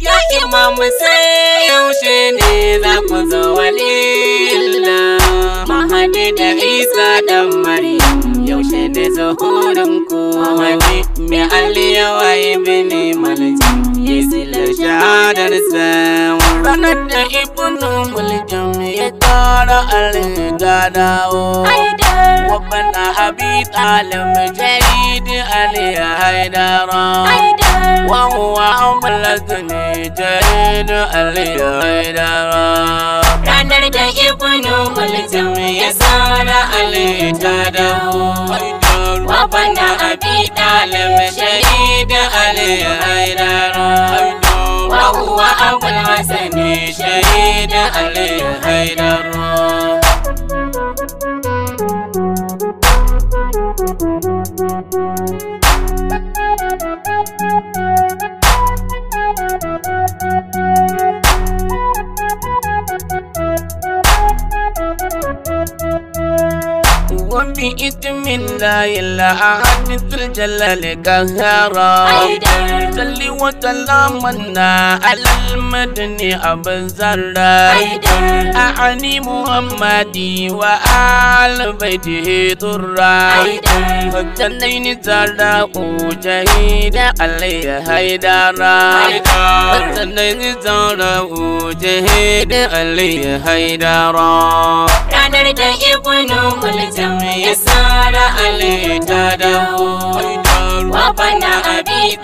ya imamu sai yaushe ne za ku zo walila mahadi da isa dan maryam yaushe ne zuhurin ku mahadi mai aliyawa ibini maljam ya zila shahadarsa ranar da ibnu muljam ya zara aliga dawo wakwana habi talim jaridi ali haidara wahuwa amlatuni jaridi ali haidara ranar da ibnu mulzim ya zara aliga dawo wakwana habi talim jaridi ali haidara wahuwa amlatuni jaridi ali بين الرعب وبإذن الله جل القهارا صلي وسلامنا على المدن أبا زرا أعني محمدي وآل بيته ضرا فجنين زرا وجهيد علي هيدارا فجنين زرا وجهيد علي هيدارا أنا da ibnu mulzam ya sara alaita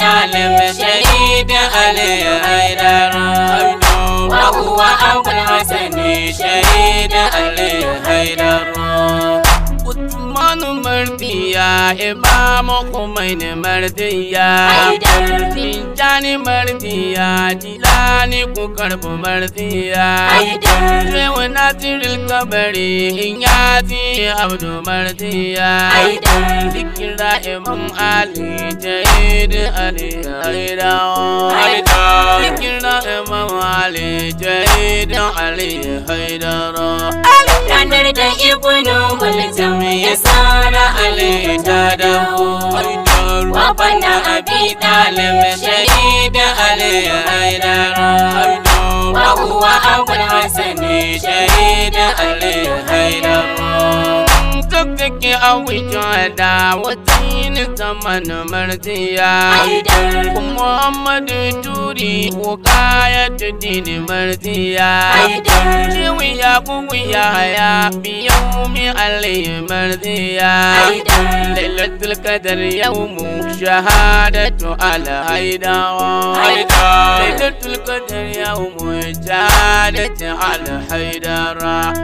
talib shahid ali haidar wa abul hasan shahid ali haidar Uthman mardiya imam Khomein mardiya Din jani mardiya dilani ku karb mardiya Ayda Rewna tiril kabari inyati ce abdu martiya ai dan zikira imam ali jahid ali raida ai dan zikira da ibnu mulzam ya sara ali ta dawo وابن أبي shahida شهيد علي حيدر وهو أبو الحسن شهيد tafiki a wuce da watini zaman martiya muhammadu turi ko kaya tudini martiya ciwi ya kuku ya haya biyan mi alayi martiya lailatul qadar yau mu shahadatu alhaidawa lailatul qadar yau mu shahadatu alhaidara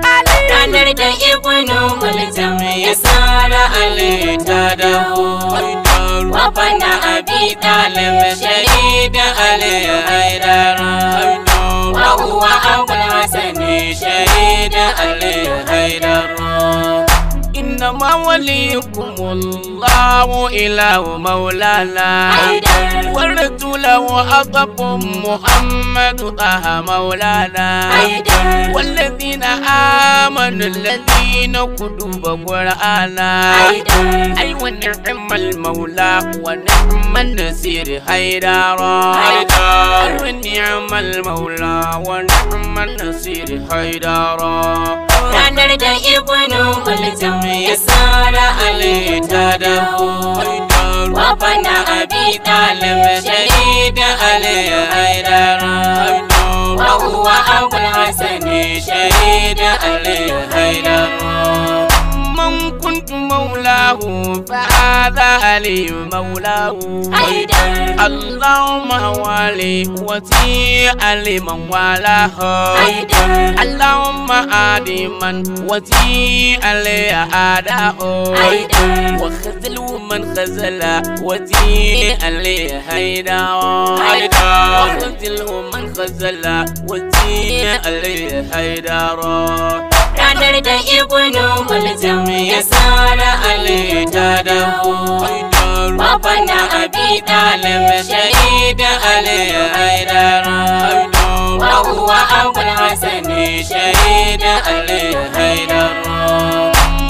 Ranar da ibnu mulzam me yasa na alita da hoto wafana abi dalil shahida alayya aidara مواليكم وليكم الله إله مولانا ورد له أطب محمد طه مولانا والذين آمنوا الذين كتب قرآنا أيوة ونعم المولى ونعم النصير حيدارا ونعم أيوة المولى ونعم النصير حيدارا ranar da ibnu mulzam ya sara ali ta dawo wa abi talib shahid ali haidara wa haidara الله فهذا لي مولاه اللهم ولي وتي علي من والاه اللهم عادي من وتي علي آداه وخذل من خزل وتي علي هيدا وخذله من خزل وتي علي هيداه ranar da ibnu mulzam ya tsara ali ta dawo babana abi dalib shahida ali ya haidara wa uwa abul hasan shahida ali ya haidara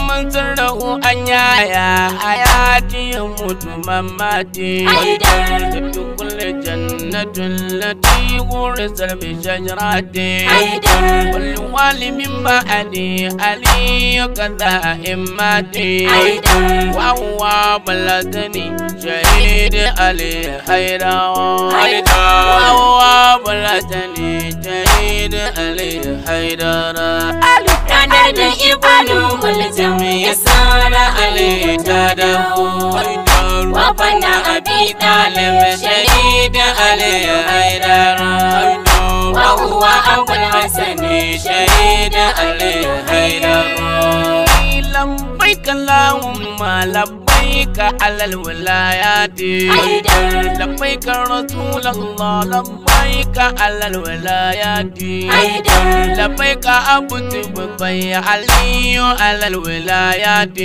manzarahu an yaya hayati mutu mamati da dukkan الجنة التي غرست بشجرتي والوالي من بعدي علي كذا إماتي وهو بلدني شهيد علي حيرا وهو بلدني شهيد علي حيرا ranar da ibanu mulkin ya tsara alaita da bana abi dalib shahid ali haidar wa huwa abul hasan shahid ali haidar labbaik allahumma لبيك على الولايات لبيك رسول الله لبيك على الولايات لبيك أبو تبقي علي على الولايات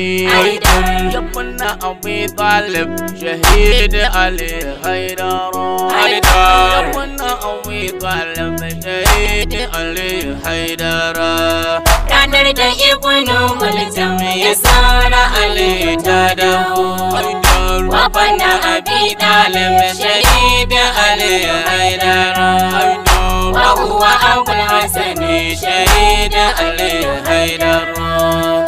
يبنى أبي طالب شهيد علي حيدر يبنى أبي طالب شهيد علي حيدر ranar da ibnu mulzam ya tsara alita da أيدار وقنا أبي طالب شهيد علي أيدار أيدار وهو أبو الحسن شهيد علي أيدار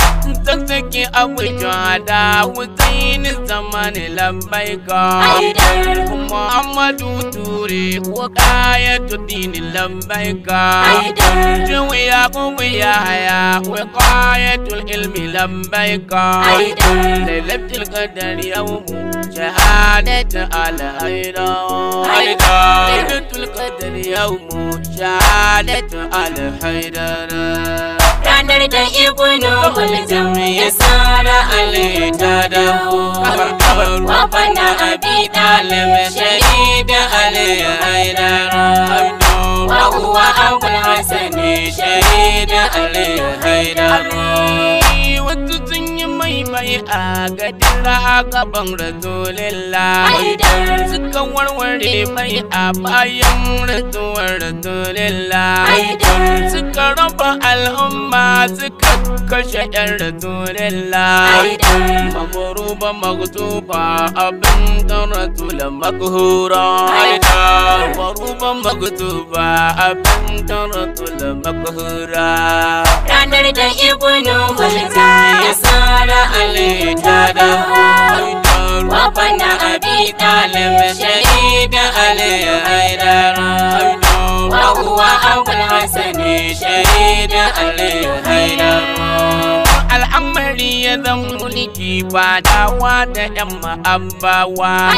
tak take abuja da hussein zamani lambaika muhammadu ture ko kaya tudini lambaika juwiya kuwiya haya ko kaya tul ilmi lambaika lailatul qadar yawmu شهادة على أيضا ليلة القدر يوم شهادة على حيدر ranar da ibnu mulzam ya sara alita da hu wafana abi talib shahid ali haidara wa huwa abul hasan shahid ali haidara yi mai a gadira a gaban rasulillah haidar suka warware mai a bayan rasuwar rasulillah haidar suka raba al'umma suka kashe yan rasulillah mamuruba magtuba abin kan rasulan makhura aida mamuruba magtuba abin kan rasulan makhura ranar da ibnu hulka ya sara alita da wafana abi talib shahida alayya aidara Abuwa Abul ne shaida Aliyu Haidar. Al'amari ya zan mulki ba dawa da ‘yan ma'abbawa.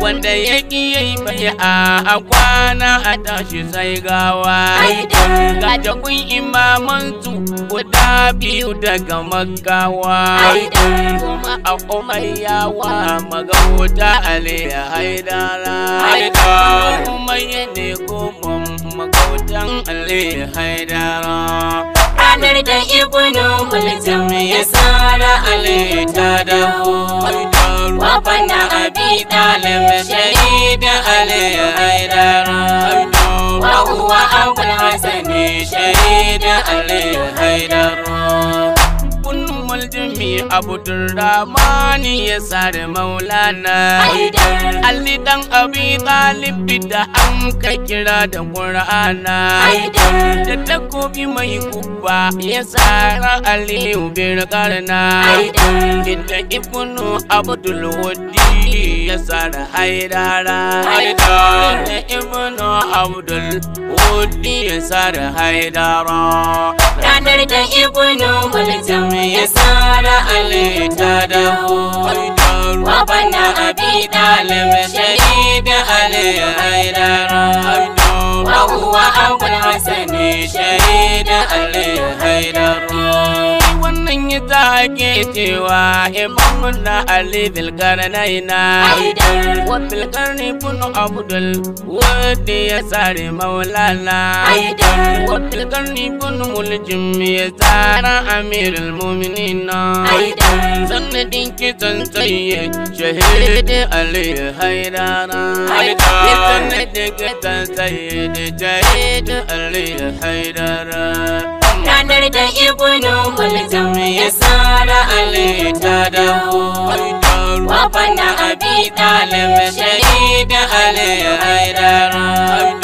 Wanda ya ƙi ya yi mai a kwana a tashi sai gawa. Ga jakun imamansu guda biyu daga magawa. Kuma a umayyawa magauta Aliyu Haidara. Kuma ya ne dan alwe haidara ranar da ibnu mulzam ya sara alwe da dawo wafan na abi dalib shahida alwe haidara wa huwa abul hasani shahida alwe haidara kun muljimi abdurrahmani ya sare maulana ali dan abi talib da an ka kira da qur'ana da takobi mai kubba ya sara aliyu bin karna da ibnu abdul wadi ya sara haidara haidara abdul wudi ya sada haidara ranar da ibnu muljam ya sada ali ta dawo wabana abi dalim shahid ali haidara wa huwa abul hasan shahid ali haidara an yi take cewa ibon eh, na ali bilkarnaina wa bilkarni bunu abdul wadda ya tsari maulana wa bilkarni bunu muljim ya tsara amirul muminina sanadin kitan tsaye shahidin ali haidana sanadin kitan da shahidin ali haidana da ibnu kulzum ya sara ali da dawo wa bana abi talib shahid ali haidara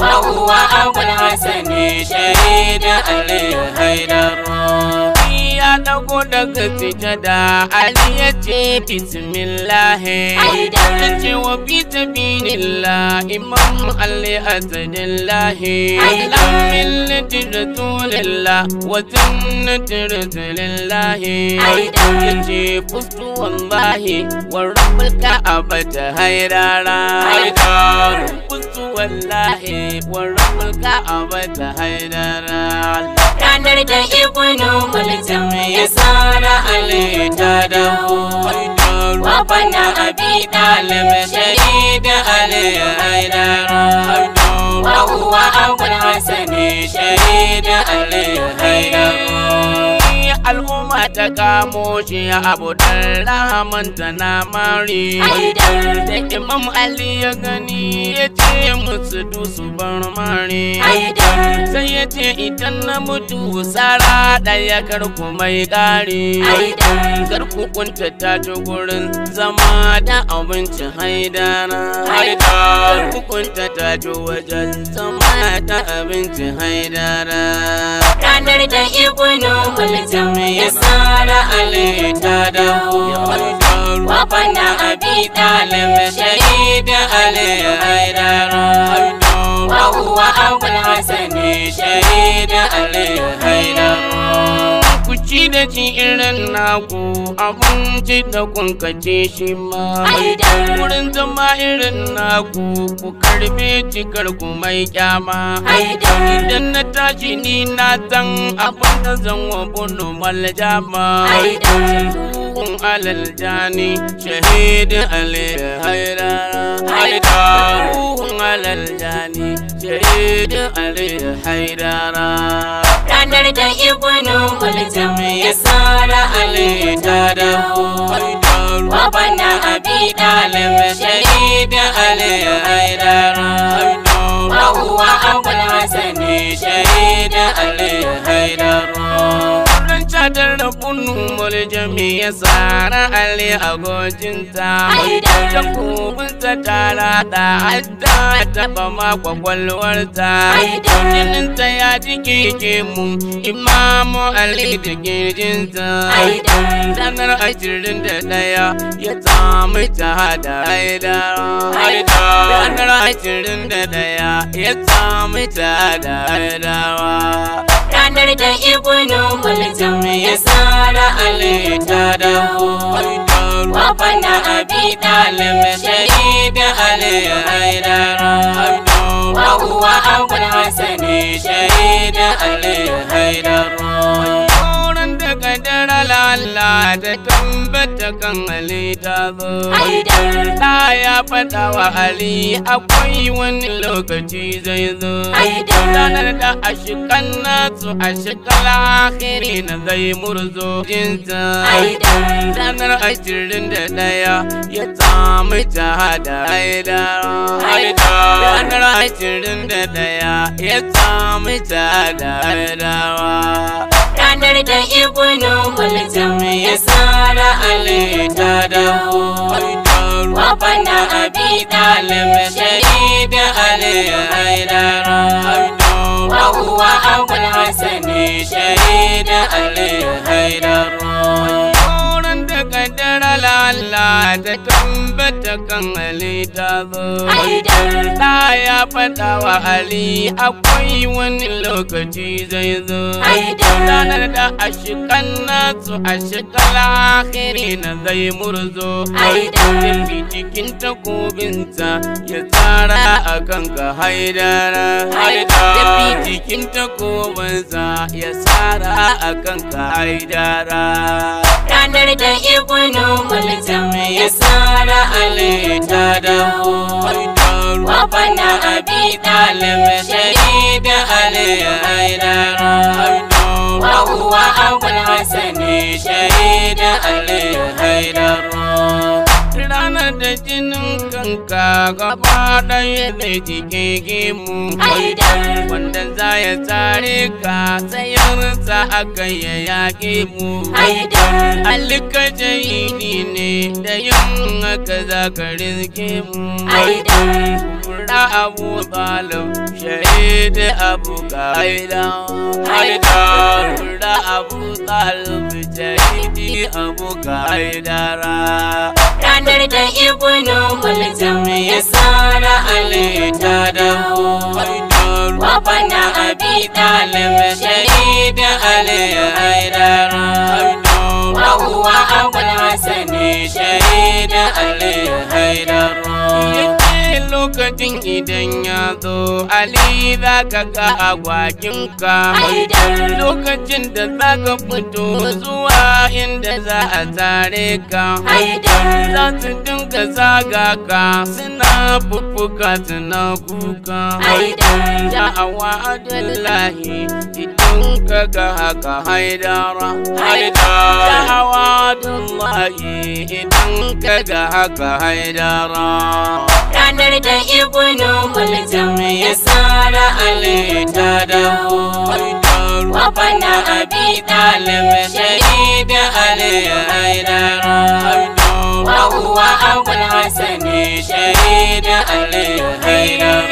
wa huwa abul hasani shahid ali haidara ya dago daga sujada Ali ya ce bismillahi Ya ce wa fi sabilillah Imam Ali Asadillahi Ala millati wa sunnati rasulillahi ce wallahi wa rabbul ka'aba ta hairara Fustu wallahi wa rabbul ka'aba ta da ibnu mulzam ya sana alita da hudu wabana abi dalim shahida alhaidara wa huwa abul hasani shahida alhaidara al'umma ta kamo shi abu dan rahamanta na mari da imam ali ya gani ya ce musu dusu bar mari sai ya ce idan na mutu sara ɗaya kar ku mai ƙari kar ku kunta ta ji gurin zama da abinci haidana kar ku kunta ta ji wajen zama da abinci haidana ranar da ibnu mulkin me yasa na ale da hukuntar wafana abi talib shahid ali haidar wa huwa abul hasan shahid ali haidar da ci irin naku abinci da kun kace shi ma mai wurin zama irin naku ku karbe cikar ku mai kyama idan na tashi ni na san abin da zan wa bunu maljama kun alal jani shahidin alil hayra haida kun alal jani shahidin alil hayra ranar da ibnu muljam ya sara ali ta dawo wa bana abi dalib shahid ali ya aidara kadar bunu muljami ya tsara a agoginta mai da kubinta tara da adda taba ma kwakwalwarta jininta ya ji kike mu imamu ali da kirjinta ranar ashirin da daya ya samu shahada haidara ranar ashirin da daya ya samu shahada haidara wakar da ibnu mulzum ya tsara alita dawo wafana abi dalim shahid al-haidara wa huwa abul hasan shahid al-haidara da ta tambata kan Ali ta zo. Da ya fata wa Ali akwai wani lokaci zai zo. Ranar da a shikan nasu a shekar akhiri na zai murzo jinta. Ranar ashirin da ɗaya ya samu shahada haidara. a ashirin da ɗaya ya samu shahada ibnu mulzam ya sara alaita dawo wa bana abi talib shahid alaira wa huwa abul hasan shahid alaira ta tambata kan Ali ta zo. Ta ya faɗa wa Ali akwai wani lokaci zai zo. Ranar da a shikan nasu a shikal akhiri na zai murzo. Zai cikin takobinsa ya tsara a ka haidara. Haidara. Cikin takobinsa ya tsara a ka haidara. Ranar da ibnu mulzam ya sara alaita da hoto wabana abi talib shahida alayyara wa uwa abul hasani shahida alayyara jinin kanka gaba ɗaya zai jike gemu kai wanda za ya tsare ka sayarsa aka ya yaƙe mu alika jahidi ne da yin haka za ka rinke mu Kura abu talib shahidi abu ƙa'ida Kura Abu Talib jahidi Abu Kaidara. Ranar da Ibnu Muljam ya sara Ali ta dawo. Wafana Abi Talib shahidi Ali Haidara. Wahuwa Abu Hassan shahidi Ali Haidara. lokacin idan ya zo ali za ka ga agwaginka lokacin da za ka fito zuwa inda za a tare ka za su dinga zaga ka suna bukuka suna kuka ya awa adullahi in ka ga haka haidara haidara hawadullahi idan ka ga haka haidara ranar da ibnu muljam ya sara ali ta dawo wafana abi talib shahid ali haidara وهو أبو الحسن شهيد علي حيدر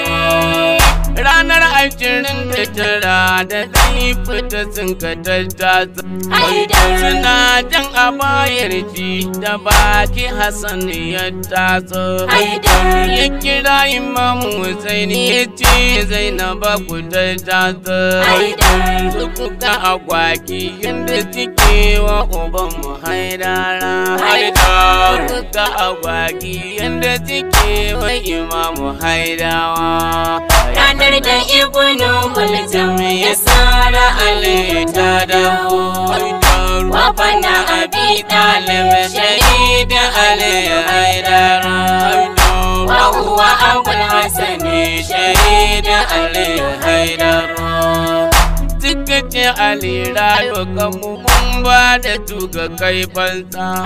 رانر irin da fitira da zai fita sun ka tattasa. Wancan suna jan a bayar ji da baki Hassan ya taso. Ya kira Imam Hussein ya ce Zainaba ku tattasa. Su kuka agwaki yadda suke wa uban mu haidara. Haidara. Kuka agwaki yadda suke wa Imam Haidawa. Ranar da ibun Aminu Multum ya sara Ali ta dawo. Wafana abi ɗalib shahida Ali haidara. Wa uwa Abul Hassan shahida Ali haidara. Dukkace Ali rayu kanmu mun ba da tuga kai fansa.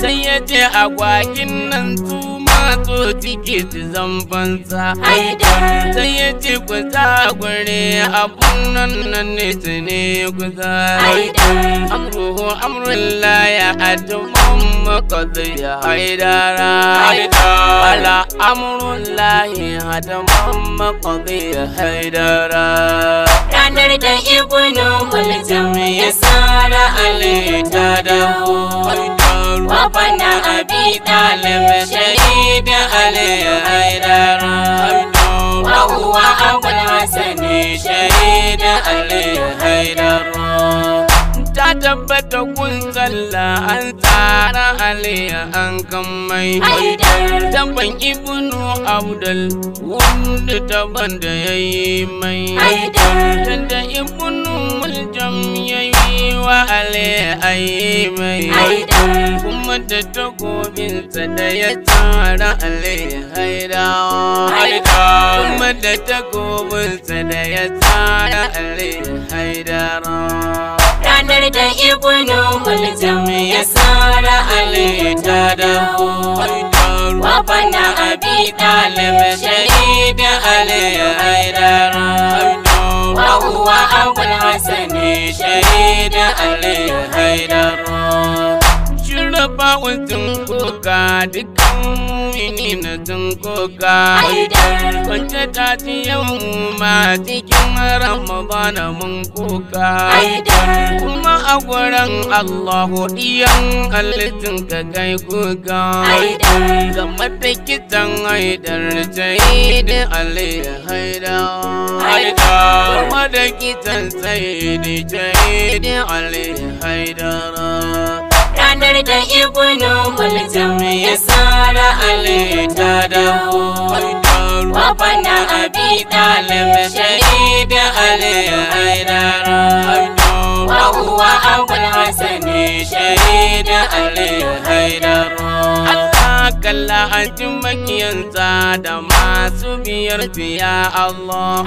Sai ya a agwagin nan tu ko cike ci zambansa aida sai ya ce ku sa gware abun nan nan ne su ne ku sa aida amruhu amrun laya a jumon makasai ya haidara aida ala amrun lahi hadaman makasai ya haidara ranar da ibnu kulzum ya na Ali ta dawo Wafana abi talib shahida Ali ya haidara Wa uwa abul hasani shahida Ali ya haidara tabbata kun kalla an tsara aliya an mai tabban ibnu abdul wanda taban da ya yi mai tanda ibnu muljam ya yi wa aliya a yi mai kuma da takobinsa da ya tsara aliya haidawa kuma da takobinsa da ya tsara aliya haidara ranar da ibnu muljam ya sara ali ta da wa bana abi talib da ali haidara wa huwa abul hasan shahid ali haidara bawon tun koka dukkan mini na tun koka kwance ta ci yau ma cikin ramadana mun koka kuma a gurin allahu iyan halittun ka kai koka ga matakitan haidar sai da haida kuma da kitan sai da ali haidara ranar da ibnu mulzam ya tsara alita da wa bana abi talib shahid al-haidara wa huwa abul hasan shahid al-haidara kalla a jin makiyansa da masu biyar biya Allah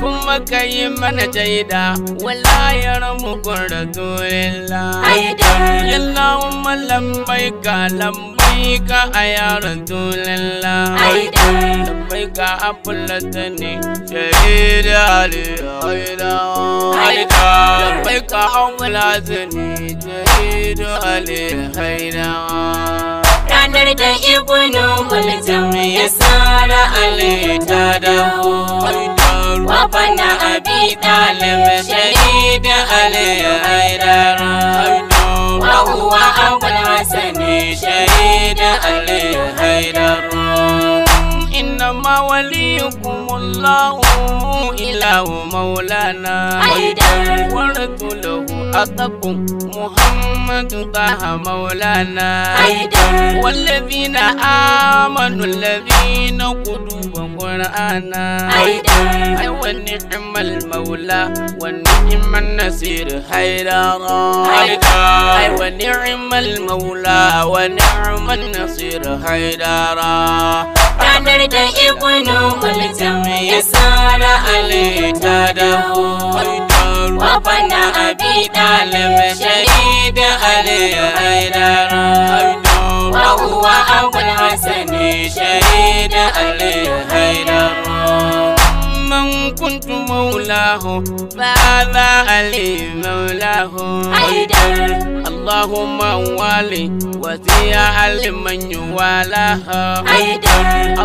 kuma ka yi mana jaida walayar mugun rasulillah Allahumma lambai ka lambai ka a ya rasulillah lambai ka a fulata ne shaida alaida lambai ka an wula zane shaida da. wakar da ibnu muljam ya sara alaita dawo wafana abi talib shahid alayhaidara wa huwa abul hasan shahid alayhaidara ma waliyukum Allahu ilahu maulana aidan waratu lahu aqaqum Muhammadu taha maulana aidan walladhina amanu alladhina quduban qur'ana aidan ay wa ni'mal maula wa ni'man nasir hayrara aidan ay wa ni'mal maula wa ni'man nasir hayrara Ranar da ibnu mulzam ya sara alaita da hotar wafana abi dalib shahid alayyara wa uwa abul hasan shahid alayyara كنت مولاه فهذا علي مولاه اللهم والي وزي علي من يوالاه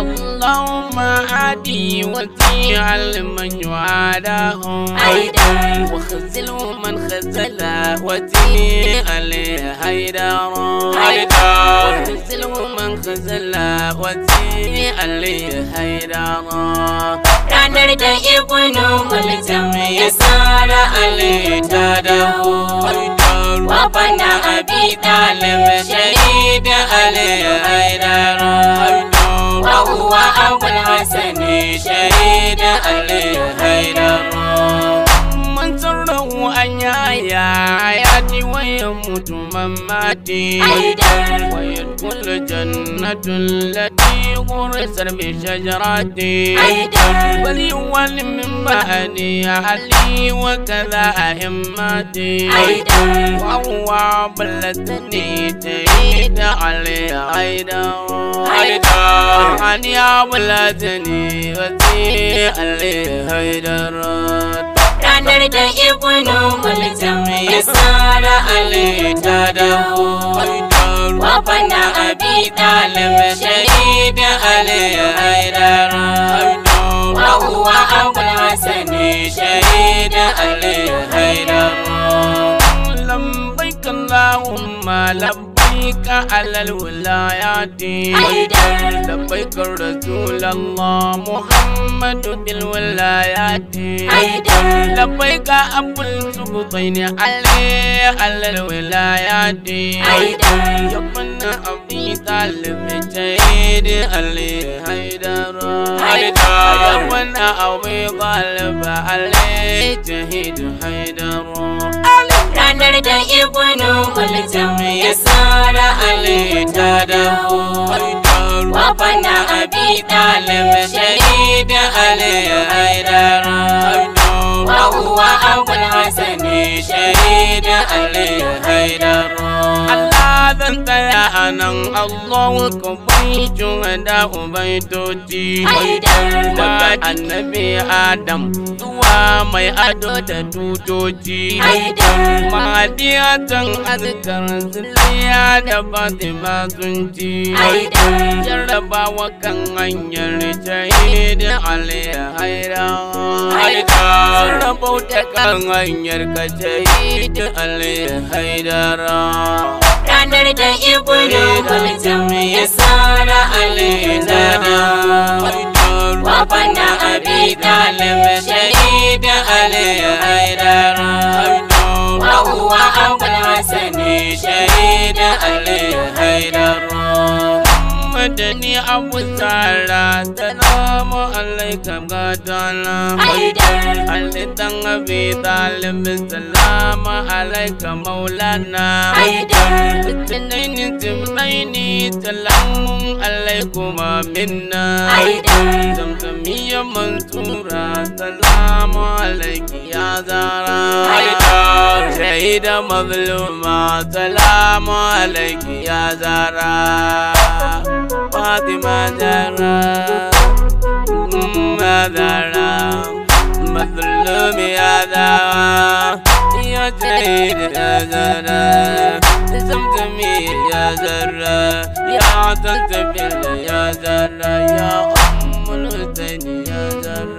اللهم عادي وزي علي من يوالاه وخزل وخزله من خزله وزي علي هيدر وارسله من خزل قوتي علي da ibnu mulzam ya tsara ali ta dawo wa bana abi talib shahid ali haidara wa huwa abul haidara الحياة ويموت من مات ويدخل الجنة التي غرست بشجرتي وليول من مأني أهلي وكذا أهمتي وهو بلدني تهيد علي أيضا أنا بلدني وتي علي هيدرات ranar da ibnu mulzam ya tsara alita dawo wafana abi talib shahid aliya aidara wa huwa abul hasan shahid aliya aidara labbaik allahumma labbaik ka a lal wulayaden. Ayi da. Ayi da wulaƙwaiƙar da la nga. Muhammadu bilwalayaden. Ayi da. Ayi da wulaƙwaiƙa a kullum sugu fai ne. Ale a lal wulayaden. Ayi Ya mana a wu ni ta lembe ranar da ibnu mulzam ya tsara alita da wafana abi ɗalib shahida alayyar wa uwa abul hasani shaida ali haidar Allah zan tsaya a nan Allah ku bai shuhada ubaitoci daga annabi Adam zuwa mai ado da tutoci mahadiyatan azkar zuliya da fatima sun ci ba wa kan hanyar shahidin alhairan haikar rabauta kan hanyar ka shahidin alhairar ranar da ibulu kwamitin ya tsara alhairar haikar wafan na abi talib shahidin alhairar haikar wahuwa an kwanwa sani shahidin alhairar da ni abu tara Salamu alaikum gadana Haidar Alitan abi talibin Salamu alaikum maulana Haidar Tunaini tunaini Salamu alaikum aminna Haidar Zamzamiya mansura Salamu alaikum ya zara Haidar Shaida mazluma Salamu alaikum ya zara فاطمة زهراء أم زهراء مظلوم يا زهراء يا سيد يا زهراء زمزمي يا زهراء يا عطلت بالله يا زهراء يا أم الحسين يا زهراء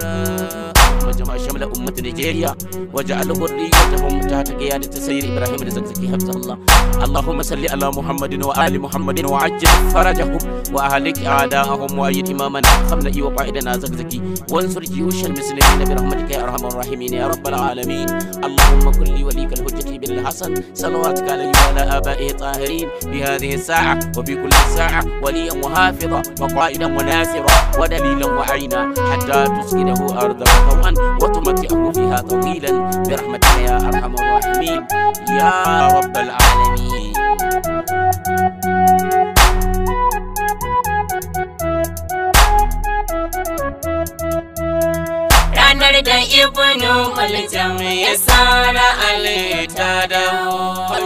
شمل أمة نيجيريا واجعل ذريتهم تحت قيادة سير إبراهيم الزكزكي حفظه الله اللهم صل على محمد وآل محمد وعجل فرجهم وأهلك أعداءهم وأيد إمامنا خملئي وقائدنا زكزكي وانصر جيوش المسلمين برحمتك يا أرحم الراحمين يا رب العالمين اللهم كن لي وليك الحجة بن الحسن صلواتك عليه وعلى آبائه الطاهرين بهذه الساعة وفي كل ساعة وليا وحافظا وقائدا وناصرا ودليلا وعينا حتى تسكنه أرضا طوعا وطمت فيها طويلا برحمتك يا أرحم الراحمين يا رب العالمين ranar da ibnu malik jami'a sana alita da